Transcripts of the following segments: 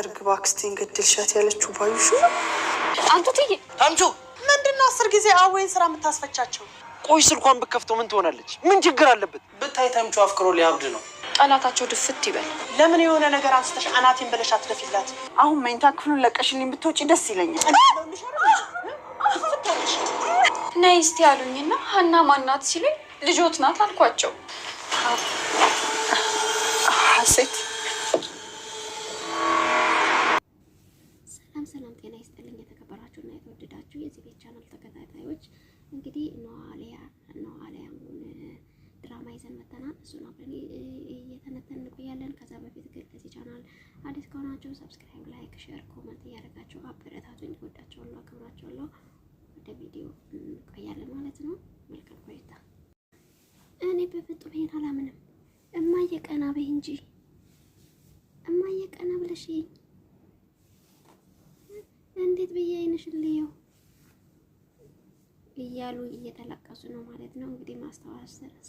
እርግብ አክስቴ እንገድልሻት ያለችው ባዩሽ አንቱ ትዬ አምቹ፣ ምንድነው አስር ጊዜ አወይን ስራ የምታስፈቻቸው? ቆይ ስልኳን ብከፍተው ምን ትሆናለች? ምን ችግር አለበት? ብታይ ተምቹ አፍቅሮ ሊያብድ ነው። ጠላታቸው ድፍት ይበል። ለምን የሆነ ነገር አንስተሽ አናቴን ብለሽ አትደፊላት። አሁን መኝታ ክፍሉን ለቀሽልኝ ብትወጪ ደስ ይለኛል። ነይ እስቲ ያሉኝና ሀና ማናት ሲሉኝ ልጆት ናት አልኳቸው። ሀሴት የተወደዳችሁ የዚህ ቻናል ተከታታዮች እንግዲህ ኖላዊ ኖላዊውን ድራማ ይዘን እሱ እሱን አብረን እየተነተን እንቆያለን። ከዛ በፊት ግን ለዚህ ቻናል አዲስ ከሆናችሁ ሰብስክራይብ፣ ላይክ፣ ሼር፣ ኮመንት እያደረጋችሁ አበረታቱኝ። እወዳችኋለሁ፣ አከብራችኋለሁ። ወደ ቪዲዮ እንቆያለን ማለት ነው። መልካም ቆይታ። እኔ በፍጡም ይሄን አላምንም። እማዬ ቀና በይ እንጂ እማዬ ቀና ብለሽ እንዴት ብዬ ልየው? እያሉ እየተለቀሱ ነው ማለት ነው። እንግዲህ ማስታወስ ደረሰ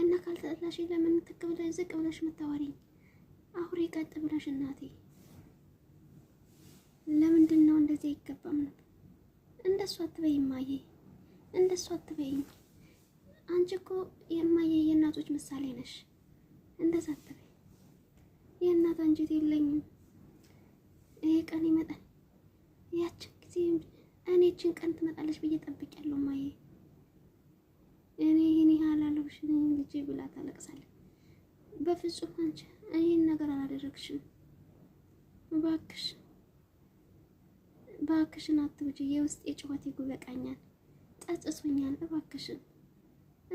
እና ካልተጠላሽ ለምን ትክ ብለሽ ዝቅ ብለሽ የምታወሪኝ? አውሪ ቀጥ ብለሽ እናቴ። ለምንድን ነው እንደዚህ አይገባም ነው? እንደሱ አትበይ እማዬ፣ እንደሱ አትበይ። አንቺ እኮ የማዬ የእናቶች ምሳሌ ነሽ። እንደዛ አትበይ። የእናት አንጀት የለኝም። ይሄ ቀን ይመጣል ያችን ጊዜ እኔ እችን ቀን ትመጣለች ብዬ ጠብቂያለሁ። ማዬ እኔ ይህን ያህል አለብሽን ልጄ ብላ ታለቅሳለች። በፍጹም አንቺ ይህን ነገር አላደረግሽም፣ እባክሽ እባክሽን አትውጪ። የውስጤ ጨዋታ ይጉበቃኛል፣ ጠጽሶኛል። እባክሽን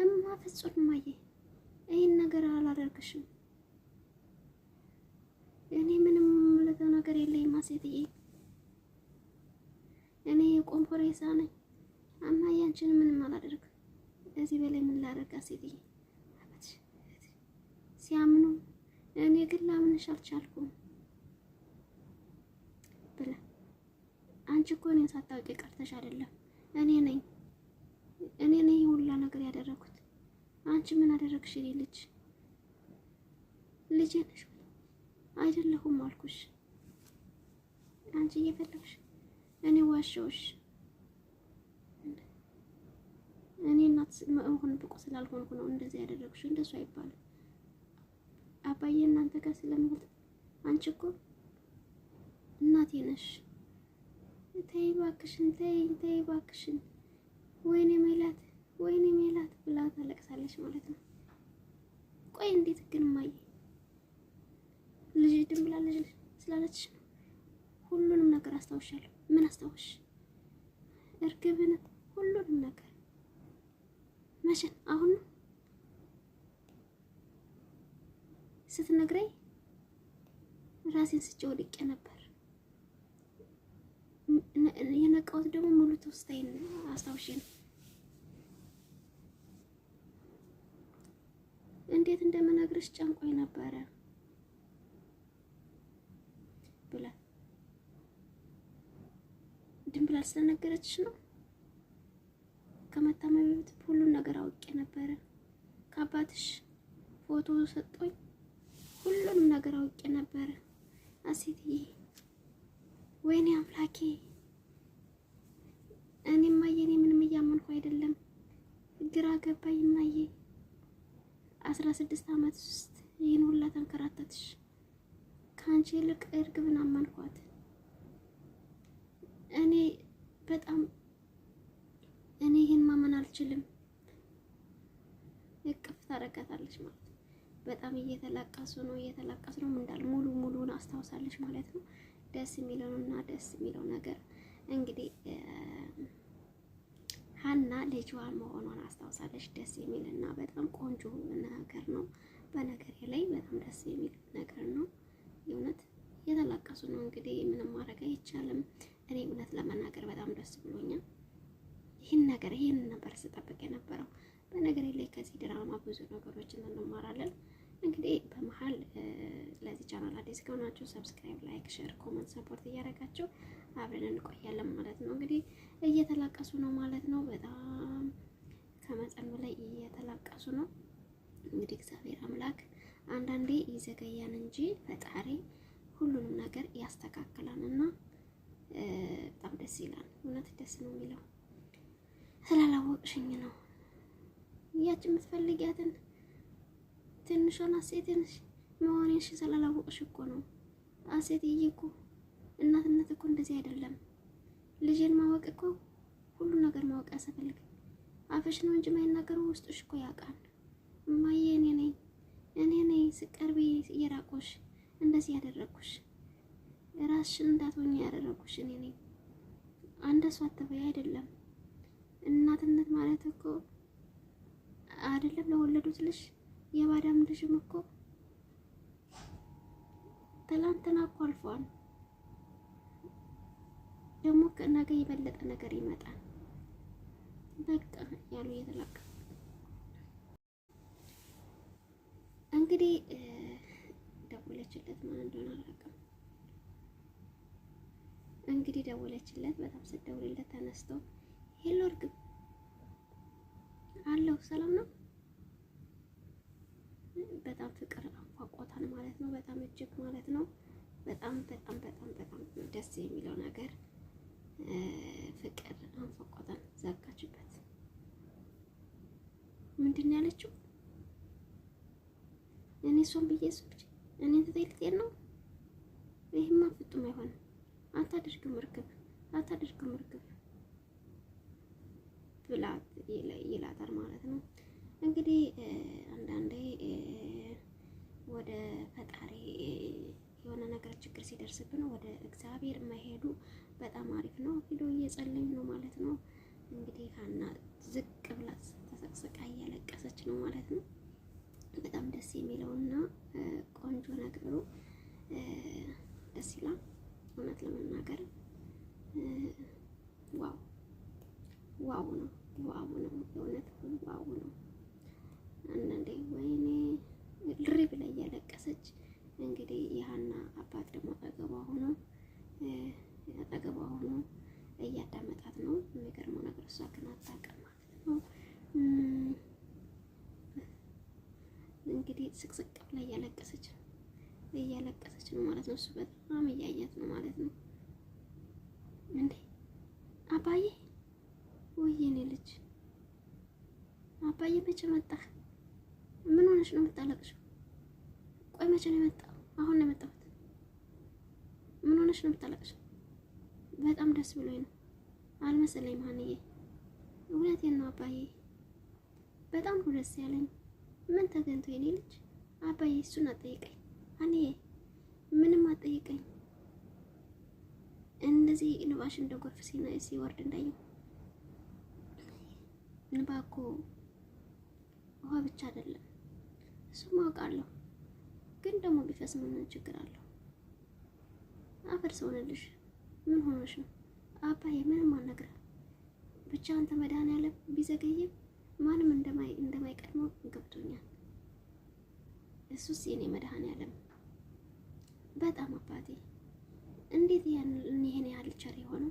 እማ ፍጹም ማዬ ይህን ነገር አላደርግሽም። እኔ ምንም የምልህ ነገር የለኝም ሴትዬ እኔ ቆንፎሬሳ ነኝ እና ያንቺን ምንም አላደርግ። እዚህ በላይ ምን ላደርግ? ሴትዬ ሲያምኑ እኔ ግን ላምንሽ አልቻልኩም ብላ አንቺ እኮ እኔን ሳታውቂ ቀርተሽ አይደለም። እኔ ነኝ እኔ ነኝ ሁላ ነገር ያደረኩት። አንቺ ምን አደረግሽ? እኔ ልጅ ልጅ ነሽ አይደለሁም አልኩሽ። አንቺ እየፈለግሽ እኔ ዋሸውሽ። እኔ እናት መሆን ብቁ ስላልሆንኩ ነው እንደዚህ ያደረግሽ። እንደሱ አይባልም። አባዬ እናንተ ጋር ስለምሆን አንቺ እኮ እናቴ ነሽ። ተይ ባክሽን፣ ተይ ተይ ባክሽን። ወይኔ ሜላት፣ ወይኔ ሜላት ብላ ታለቅሳለች ማለት ነው። ቆይ እንዴት ግን ማየ ልጅ ድም ብላለች ስላለች ሁሉንም ነገር አስታውሻለሁ። ምን አስታውሽ? እርግብነት ሁሉንም ነገር መቼን? አሁን ነው ስትነግረኝ ራሴን ስጭ ወድቄ ነበር። የነቃሁት ደግሞ ሙሉ ትውስታዬን አስታውሼ ነው። እንዴት እንደምነግርሽ ጨንቆኝ ነበረ። አልወድም ብላ ስለነገረችሽ ነው። ከመታመሜ በፊት ሁሉን ነገር አውቄ ነበረ። ከአባትሽ ፎቶ ሰጠኝ። ሁሉንም ነገር አውቄ ነበረ አሴትዬ። ወይኔ አምላኬ! እኔ እማዬ እኔ ምንም እያመንኩ አይደለም፣ ግራ ገባኝ እማዬ። አስራ ስድስት ዓመት ውስጥ ይህን ሁላ ተንከራተትሽ። ከአንቺ ይልቅ እርግብን አመንኳት። እኔ በጣም እኔ ይህን ማመን አልችልም። እቅፍ ታረጋታለች ማለት ነው። በጣም እየተላቀሱ ነው እየተላቀሱ ነው እንዳል ሙሉ ሙሉን አስታውሳለች ማለት ነው። ደስ የሚለውና ደስ የሚለው ነገር እንግዲህ ሀና ልጅዋ መሆኗን አስታውሳለች። ደስ የሚልና በጣም ቆንጆ ነገር ነው። በነገሬ ላይ በጣም ደስ የሚል ነገር ነው። የእውነት እየተላቀሱ ነው እንግዲህ ምንም ማድረግ አይቻልም። እኔ እውነት ለመናገር በጣም ደስ ብሎኛል። ይህን ነገር ይህን ነበር ስጠብቅ የነበረው። በነገሬ ላይ ከዚህ ድራማ ብዙ ነገሮችን እንማራለን። እንግዲህ በመሀል ለዚህ ቻናል አዲስ ከሆናችሁ ሰብስክራይብ፣ ላይክ፣ ሼር፣ ኮመንት፣ ሰፖርት እያደረጋችሁ አብረን እንቆያለን ማለት ነው። እንግዲህ እየተላቀሱ ነው ማለት ነው። በጣም ከመጠን በላይ እየተላቀሱ ነው። እንግዲህ እግዚአብሔር አምላክ አንዳንዴ ይዘገያን እንጂ ፈጣሪ ሁሉንም ነገር ያስተካክላል እና በጣም ደስ ይላል። እውነት ደስ ነው የሚለው ስላላወቅሽኝ ነው። እያች የምትፈልጊያትን ትንሿን አሴትን መሆንሽ ስላላወቅሽ እኮ ነው። አሴትዬ እኮ እናትነት እኮ እንደዚህ አይደለም። ልጅን ማወቅ እኮ ሁሉ ነገር ማወቅ ያስፈልግ። አፍሽ ነው እንጂ የማይናገሩ ውስጥሽ እኮ ያውቃል። እማዬ እኔ ነኝ እኔ ነኝ ስቀርቤ እየራቆሽ እንደዚህ ያደረግኩሽ ራስሽን እንዳትሆኝ ያደረጉሽ እኔ ነኝ። አንድ ሰው አትበይ አይደለም። እናትነት ማለት እኮ አይደለም ለወለዱት ልጅ የባዳም ልጅም እኮ ትላንትና እኮ አልፏል። ደግሞ ነገ የበለጠ ነገር ይመጣል። በቃ ያሉ እየተላቀ እንግዲህ ደውለችለት ማን እንደሆነ አላውቅም። እንግዲህ ደወለችለት። በጣም ስደውልለት ተነስቶ ሄሎ እርግብ አለው ሰላም ነው። በጣም ፍቅር አቋቋታል ማለት ነው። በጣም እጅግ ማለት ነው። በጣም በጣም በጣም በጣም ደስ የሚለው ነገር ፍቅር አንፏቋታል። ዘጋችበት። ምንድን ነው ያለችው? እኔ እሷን ብዬ እኔ ትጠይቅ ነው። ይህማ ፍጡም አይሆንም። አታደርግም እርግብ አታደርግም እርግብ ብላት ይላታል ማለት ነው። እንግዲህ አንዳንዴ ወደ ፈጣሪ የሆነ ነገር ችግር ሲደርስብን ወደ እግዚአብሔር መሄዱ በጣም አሪፍ ነው። ሂዶ እየጸለዩ ነው ማለት ነው። እንግዲህ ሀና ዝቅ ብላ ተሰቅስቃ እያለቀሰች ነው ማለት ነው። በጣም ደስ የሚለውና ቆንጆ ነገሩ ደስ ይላል። እውነት ለመናገር ዋው ዋው ነው ዋው ነው የእውነት ዋው ነው። አንዳንዴ ወይኔ ድሪብ ላይ እያለቀሰች እንግዲህ የሀና አባት ደግሞ አጠገቧ ሆኖ አጠገቧ ሆኖ እያዳመጣት ነው። የሚገርመው ነገር እሷ ግን አታውቅም ማለት ነው። እንግዲህ ስቅስቅ ብላ እያለቀሰች ነው። እያለቀሰች ነው ማለት ነው። እሱ በጣም እያያት ነው ማለት ነው። እንዴ አባዬ፣ እኔ ልጅ አባዬ፣ መቼ መጣህ? ምን ሆነሽ ነው የምታለቅሽው? ቆይ መቼ ነው የመጣው? አሁን ነው የመጣሁት። ምን ሆነሽ ነው የምታለቅሽው? በጣም ደስ ብሎኝ ነው። አልመሰለኝም ሀንዬ፣ እውነቴን ነው አባዬ። በጣም ደስ ያለኝ ምን ተገኝቶ የኔ ልጅ አባዬ፣ እሱን አጠይቀኝ እኔ ምንም አጠይቀኝ። እንደዚህ እንባሽ እንደ ጎርፍ ሲወርድ እንዳየው እንባ እኮ ውሃ ብቻ አይደለም፣ እሱም አውቃለሁ። ግን ደግሞ ቢፈስ ምን ችግር አለው? አፈር ሰውነልሽ። ምን ሆኖሽ ነው አባዬ? ምንም አልነግርህም። ብቻ አንተ መድኃኒዓለም ቢዘገይም ማንም እንደማይቀድመው ገብቶኛል። እሱስ የኔ መድኃኒዓለም በጣም አባቴ እንዴት ይሄን ያህል ቸር የሆነው?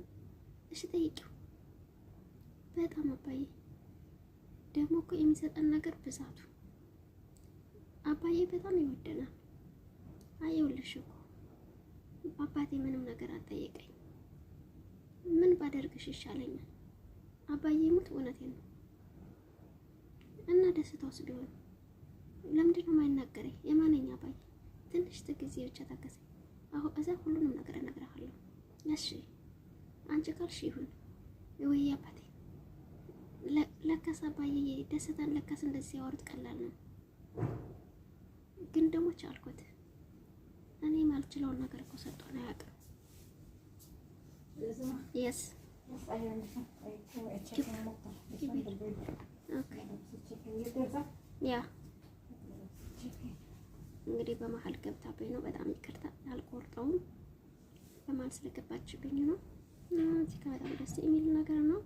እሺ ጠይቂው። በጣም አባዬ ደግሞ እኮ የሚሰጠን ነገር ብዛቱ አባዬ በጣም ይወደናል። አየውልሽ እኮ አባቴ ምንም ነገር አጠየቀኝ? ምን ባደርግሽ ይሻለኛል? አባዬ ሙት እውነቴ ነው። እና ደስታውስ ቢሆን ለምንድነው ነው የማይናገረኝ? የማነኝ አባዬ ትንሽ ጊዜ ብቻ ታገሰኝ። አሁን እዛ ሁሉንም ነገር እነግርሃለሁ። እሺ አንቺ ካልሽ ይሁን። ወይ አባቴ ለካስ አባዬ ደስታን ለካስ እንደዚህ ያወሩት ቀላል ነው። ግን ደግሞ ቻልኩት። እኔ ማልችለውን ነገር እኮ ነው አያውቅም። የስ ያ እንግዲህ በመሀል ገብታብኝ ነው። በጣም ይቅርታ አልቆርጠውም። በመሀል ስለገባችብኝ ነው። እዚህ ጋር በጣም ደስ የሚል ነገር ነው።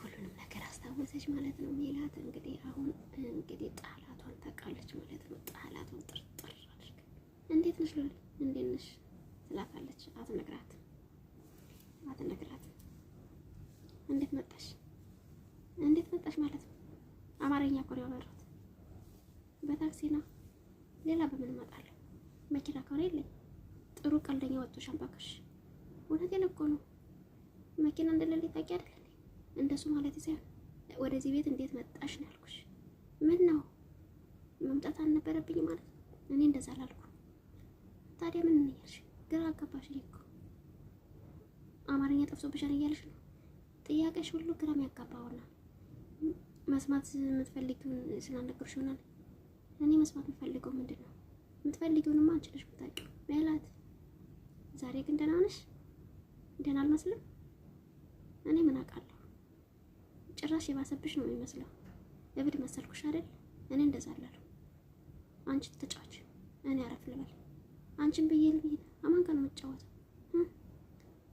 ሁሉንም ነገር አስታወሰች ማለት ነው። ሜላት እንግዲህ አሁን እንግዲህ ጣላቷን ታውቃለች ማለት ነው። ጣላቷን ጥርጥር አድርግ እንዴት ነሽ ሎል እንዴት ነሽ ትላታለች። አትነግራት አትነግራት እንዴት መጣሽ እንዴት መጣሽ ማለት ነው። አማርኛ ኮሪያ ነው በታክሲ ነው ሌላ በምን እመጣለሁ? መኪና ከሆነ የለኝ። ጥሩ ቀልደኛ ወጥቶሻል እባክሽ። እውነቴን እኮ ነው። መኪና እንደሌለ ታውቂ አይደል? እንደሱ ማለት ሳይሆን ወደዚህ ቤት እንዴት መጣሽ ነው ያልኩሽ። ምን ነው መምጣት አልነበረብኝ ማለት ነው? እኔ እንደዛ አላልኩ። ታዲያ ምን እያልሽ? ግራ አጋባሽ እኮ። አማርኛ ጠፍቶብሻል እያልሽ ነው። ጥያቄሽ ሁሉ ግራም የሚያጋባ ሆና መስማት የምትፈልጊውን ስላልነገርሽ ይሆናል እኔ መስማት የምፈልገው ምንድን ነው? የምትፈልጊውንማ አንቺ ነሽ የምታውቂው በላት። ዛሬ ግን ደህና ነሽ? ደህና አልመስልም? እኔ ምን አውቃለሁ? ጭራሽ የባሰብሽ ነው የሚመስለው። እብድ መሰልኩሽ አይደል? እኔ እንደዛ አላለሁ። አንቺ ተጫዋች፣ እኔ አረፍ ልበል። አንቺን ብዬ ልብይል አማን ጋር ነው የምትጫወተው።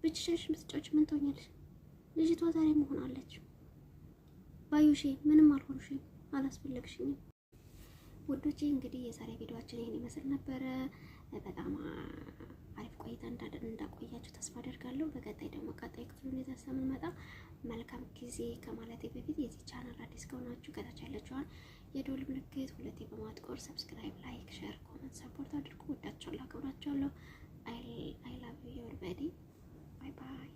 ብቻሽን ምን ትሆኛለሽ? ልጅቷ ዛሬ መሆን አለች። ባዩሽ ምንም አልሆንሽም፣ አላስፈለግሽኝም። ውዶቼ እንግዲህ የዛሬ ቪዲዮችን ይህን ይመስል ነበረ። በጣም አሪፍ ቆይታ እንዳቆያችሁ ተስፋ አደርጋለሁ። በቀጣይ ደግሞ ቀጣይ ክፍሉን ይዘን ስንመጣ መልካም ጊዜ ከማለቴ በፊት የዚህ ቻናል አዲስ ከሆናችሁ ከታች ያለችዋን የዶል ምልክት ሁለቴ በማጥቆር ሰብስክራይብ፣ ላይክ፣ ሼር፣ ኮመንት ሰፖርት አድርጉ። ወዳችኋለሁ፣ አክብራችኋለሁ። አይ ላቭ ዩ ኦልሬዲ ባይ ባይ